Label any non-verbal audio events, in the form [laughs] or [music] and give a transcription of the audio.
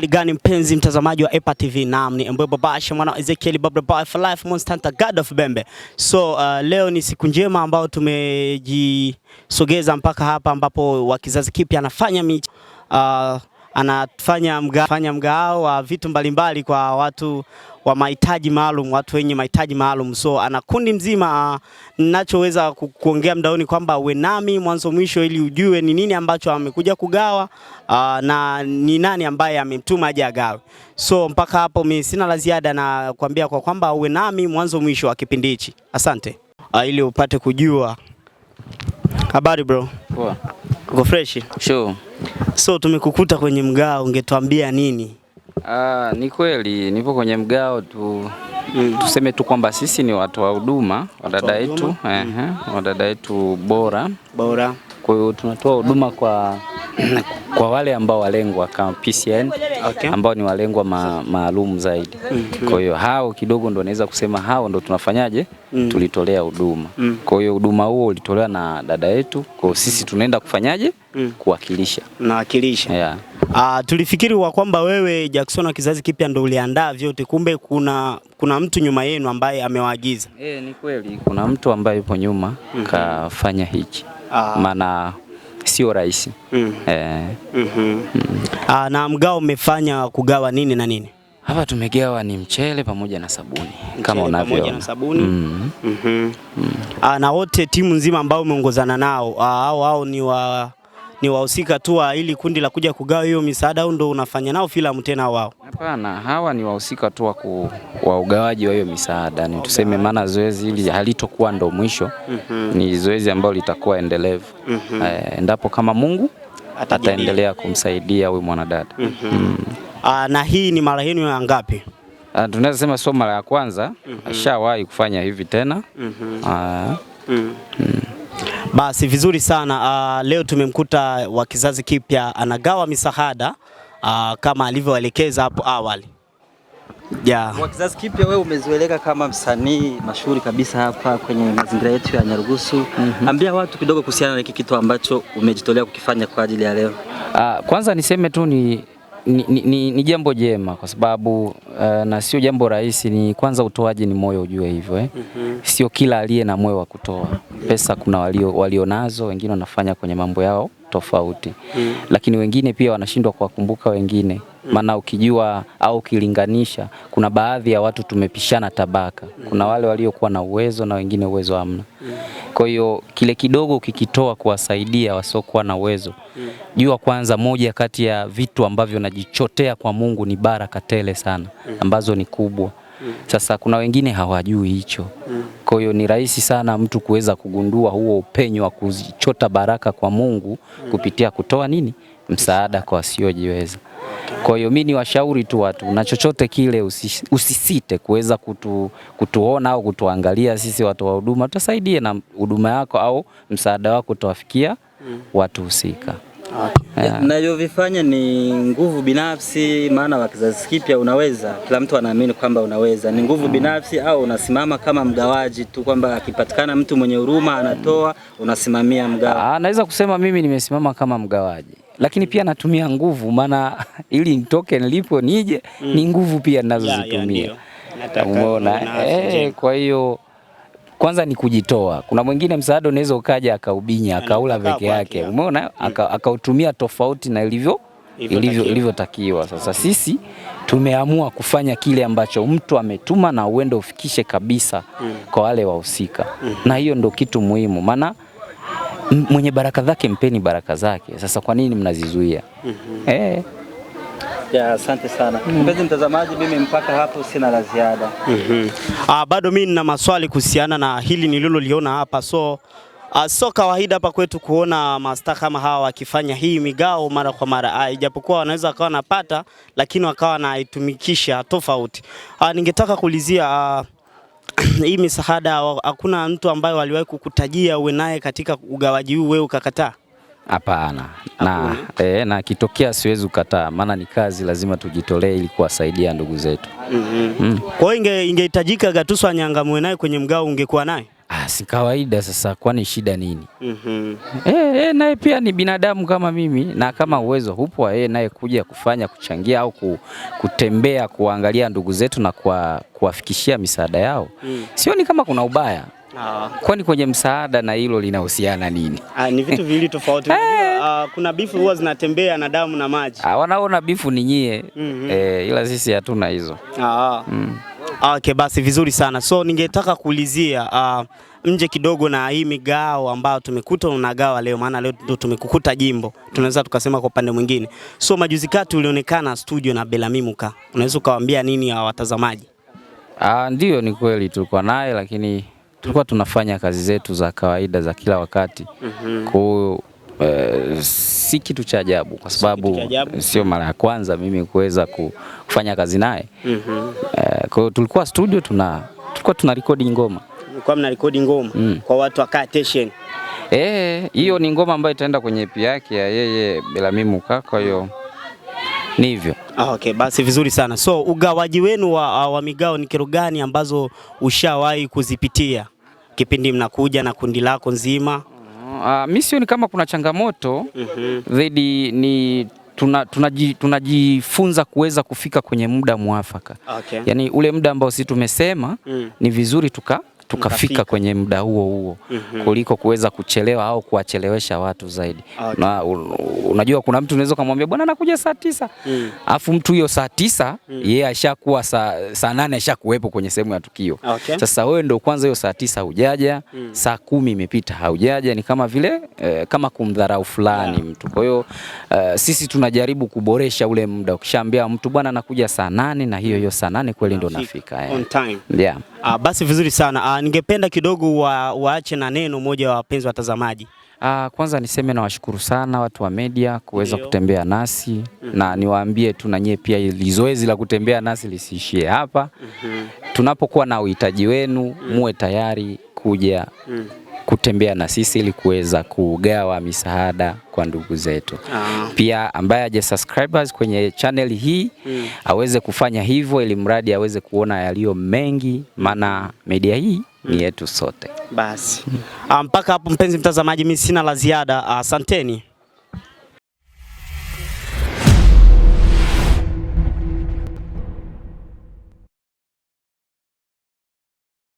Hali gani mpenzi mtazamaji wa EPA TV, naam ni Mbwe Babashi mwana Ezekiel Baba Boy for Life Monster God of Bembe. So uh, leo ni siku njema ambayo tumejisogeza mpaka hapa ambapo wa kizazi kipya anafanya michezo uh, anafanya mga, fanya mgao wa vitu mbalimbali kwa watu wa mahitaji maalum, watu wenye mahitaji maalum. So ana kundi mzima. Uh, ninachoweza kuongea mdaoni kwamba uwe nami mwanzo mwisho, ili ujue ni nini ambacho amekuja kugawa uh, na ni nani ambaye amemtuma aje agawe. So mpaka hapo mimi sina la ziada na kuambia kwa kwamba uwe nami mwanzo mwisho wa kipindi hichi. Asante. uh, ili upate kujua habari bro. Poa. Uko fresh? Sure. So tumekukuta kwenye mgao, ungetuambia nini? Ah, ni kweli nipo kwenye mgao tu, mm. Tuseme tu kwamba sisi ni watu wa huduma, wadada wetu, mm. wadada wetu bora bora, kwa hiyo tunatoa huduma kwa [laughs] kwa wale ambao walengwa kama PCN okay. ambao ni walengwa ma, maalum zaidi mm -hmm. kwa hiyo hao kidogo ndo naweza kusema hao ndo tunafanyaje mm -hmm. tulitolea huduma mm -hmm. kwa hiyo huduma huo ulitolewa na dada yetu, kwa hiyo sisi tunaenda kufanyaje mm -hmm. kuwakilisha nawakilisha yeah. Uh, tulifikiri wa kwamba wewe Jackson wa kizazi kipya ndo uliandaa vyote, kumbe kuna, kuna mtu nyuma yenu ambaye amewaagiza. E, ni kweli kuna mtu ambaye yupo nyuma mm -hmm. kafanya hichi ah. maana sio rahisi mm. Eh. Mm -hmm. mm. Ah, na mgao umefanya kugawa nini na nini? Hapa tumegawa ni mchele pamoja na sabuni mchele kama unavyoona pamoja na sabuni mm. Mm -hmm. mm. Ah, na wote timu nzima ambayo umeongozana nao ah, hao hao ni wa ni wahusika tu wa ili kundi la kuja kugawa hiyo misaada, au ndo unafanya nao filamu tena wao? Hapana, hawa ni wahusika tu wa ugawaji wa hiyo misaada, ni tuseme, maana zoezi hili halitokuwa ndo mwisho mm -hmm. Ni zoezi ambalo litakuwa endelevu mm -hmm. Endapo kama Mungu ataendelea kumsaidia huyu mwanadada mhm. mm -hmm. Ah, mm. Aa, na hii ni mara yenu ya ngapi? Ah, tunaweza sema sio mara ya kwanza, mhm. ashawahi mm -hmm. kufanya hivi tena mm -hmm. Aa, ah. mm. Mm. Basi vizuri sana uh, leo tumemkuta wa kizazi kipya anagawa misahada uh, kama alivyoelekeza hapo awali. Yeah. Wa kizazi kipya, wewe umezoeleka kama msanii mashuhuri kabisa hapa kwenye mazingira yetu ya Nyarugusu. mm -hmm. Ambia watu kidogo kuhusiana na hiki kitu ambacho umejitolea kukifanya kwa ajili ya leo. Uh, kwanza niseme tu ni ni, ni, ni jambo jema kwa sababu uh, na sio jambo rahisi. Ni kwanza utoaji ni moyo, ujue hivyo eh? mm -hmm. Sio kila aliye na moyo wa kutoa pesa kuna walio, walio nazo, wengine wanafanya kwenye mambo yao tofauti mm. Lakini wengine pia wanashindwa kuwakumbuka wengine mm. maana mm. Ukijua au ukilinganisha, kuna baadhi ya watu tumepishana tabaka mm. Kuna wale waliokuwa na uwezo na wengine uwezo hamna mm. Kwa hiyo kile kidogo ukikitoa kuwasaidia wasiokuwa na uwezo mm. Jua kwanza, moja kati ya vitu ambavyo najichotea kwa Mungu ni baraka tele sana mm. ambazo ni kubwa mm. Sasa kuna wengine hawajui hicho mm. Kwa hiyo ni rahisi sana mtu kuweza kugundua huo upenyo wa kuchota baraka kwa Mungu mm. kupitia kutoa nini msaada kwa wasiojiweza. Kwa hiyo mi ni washauri tu watu na chochote kile usisite kuweza kutu, kutuona au kutuangalia sisi watu wa huduma, tusaidie na huduma yako au msaada wako utawafikia watu husika. Ah. Okay. ni nguvu binafsi, maana wa kizazi kipya unaweza, kila mtu anaamini kwamba unaweza. Ni nguvu mm. binafsi au unasimama kama mgawaji tu, kwamba akipatikana mtu mwenye huruma anatoa, unasimamia mgawa? Ah, naweza kusema mimi nimesimama kama mgawaji, lakini pia natumia nguvu, maana [laughs] ili nitoke nilipo nije, mm. ni nguvu pia ninazozitumia, umeona eh, kwa hiyo kwanza ni kujitoa. Kuna mwingine msaada unaweza ukaja akaubinya akaula peke yake, umeona, akautumia tofauti na ilivyo ilivyotakiwa. Sasa sisi tumeamua kufanya kile ambacho mtu ametuma na uende ufikishe kabisa mm. kwa wale wahusika mm. na hiyo ndo kitu muhimu, maana mwenye baraka zake mpeni baraka zake. Sasa kwa nini mnazizuia? mm -hmm. eh. Ya, asante sana mm. mpenzi mm. mtazamaji, mimi mpaka hapo sina la ziada mm -hmm. Ah, bado mimi nina maswali kuhusiana na hili nililoliona hapa so Uh, so kawaida hapa kwetu kuona masta kama hawa wakifanya hii migao mara kwa mara, ah, ijapokuwa uh, wanaweza wakawa napata lakini wakawa naitumikisha tofauti. Uh, ningetaka kuulizia uh, [clears throat] hii misaada, hakuna mtu ambaye waliwahi kukutajia uwe naye katika ugawaji huu, wewe ukakataa? Hapana, na e, na kitokea siwezi kukataa, maana ni kazi, lazima tujitolee ili kuwasaidia ndugu zetu. mm -hmm. mm. Kwa hiyo ingehitajika Gatuso anyangamwe naye kwenye mgao, ungekuwa naye ah, si kawaida. Sasa kwani shida nini? mm -hmm. E, e, naye pia ni binadamu kama mimi, na kama uwezo hupo yeye naye kuja kufanya kuchangia au kutembea kuangalia ndugu zetu na kuwafikishia misaada yao. mm. Sioni kama kuna ubaya Ah. Kwani kwenye msaada na hilo linahusiana nini? Ah, ni vitu viwili tofauti. [laughs] Eh. Unajua, ah, kuna bifu huwa zinatembea na damu na maji. Ah, wanaona bifu ni nyie mm -hmm. Eh, ila sisi hatuna hizo. Ah. Mm. Okay, basi vizuri sana. So ningetaka kuulizia uh, nje kidogo na hii migao ambayo tumekuta unagawa leo, maana leo ndo tumekukuta jimbo, tunaweza tukasema kwa upande mwingine. So majuzi kati ulionekana studio na Belami Muka, unaweza ukawaambia nini ya watazamaji? Aa, ndio ni kweli tulikuwa naye lakini tulikuwa tunafanya kazi zetu za kawaida za kila wakati. mm -hmm. Kwa Uh, si kitu cha ajabu kwa sababu sio mara ya kwanza mimi kuweza kufanya kazi naye. mm -hmm. Uh, kwa hiyo tulikuwa studio tuna tulikuwa tuna rekodi ngoma, kwa mna rekodi ngoma mm. kwa watu wa Kateshen eh, hiyo ni ngoma ambayo itaenda kwenye EP yake ya yeye bila mimi kwa hiyo ni hivyo. Ah, okay, basi vizuri sana. So ugawaji wenu wa, wa migao ni kero gani ambazo ushawahi kuzipitia? kipindi mnakuja na kundi lako nzima? Uh, mi sioni kama kuna changamoto mhm. zaidi mm -hmm. ni tunajifunza tuna, tuna kuweza kufika kwenye muda mwafaka okay. Yaani ule muda ambao si tumesema mm. ni vizuri tuka tukafika kwenye muda huo huo mm -hmm. kuliko kuweza kuchelewa au kuwachelewesha watu zaidi ah, okay. Na unajua kuna mtu unaweza kumwambia bwana nakuja saa tisa mm. afu mtu huyo saa tisa mm. yeye ashakuwa saa, sa nane ashakuwepo kwenye sehemu ya tukio ah, okay. Sasa wewe ndio kwanza hiyo saa tisa hujaja mm. saa kumi imepita haujaja, ni kama vile eh, kama kumdharau fulani yeah. mtu. Kwa hiyo eh, sisi tunajaribu kuboresha ule muda, ukishaambia mtu bwana nakuja saa nane na hiyo hiyo saa nane kweli ndio nafika eh. On time. yeah. Ah, basi vizuri sana. Ah, ningependa kidogo wa, waache na neno moja wa wapenzi watazamaji. Ah, kwanza niseme nawashukuru sana watu wa media kuweza kutembea nasi mm -hmm. na niwaambie tu na nyie pia ili zoezi la kutembea nasi lisiishie hapa mm -hmm. tunapokuwa na uhitaji wenu mm. muwe mm -hmm. tayari kuja mm -hmm kutembea na sisi ili kuweza kugawa misaada kwa ndugu zetu. Aa. Ah. Pia ambaye aje subscribers kwenye channel hii mm. aweze kufanya hivyo ili mradi aweze kuona yaliyo mengi, maana media hii ni hmm. yetu sote. Basi ah, mpaka hapo mpenzi mtazamaji, mimi sina la ziada. Ah, asanteni. Uh,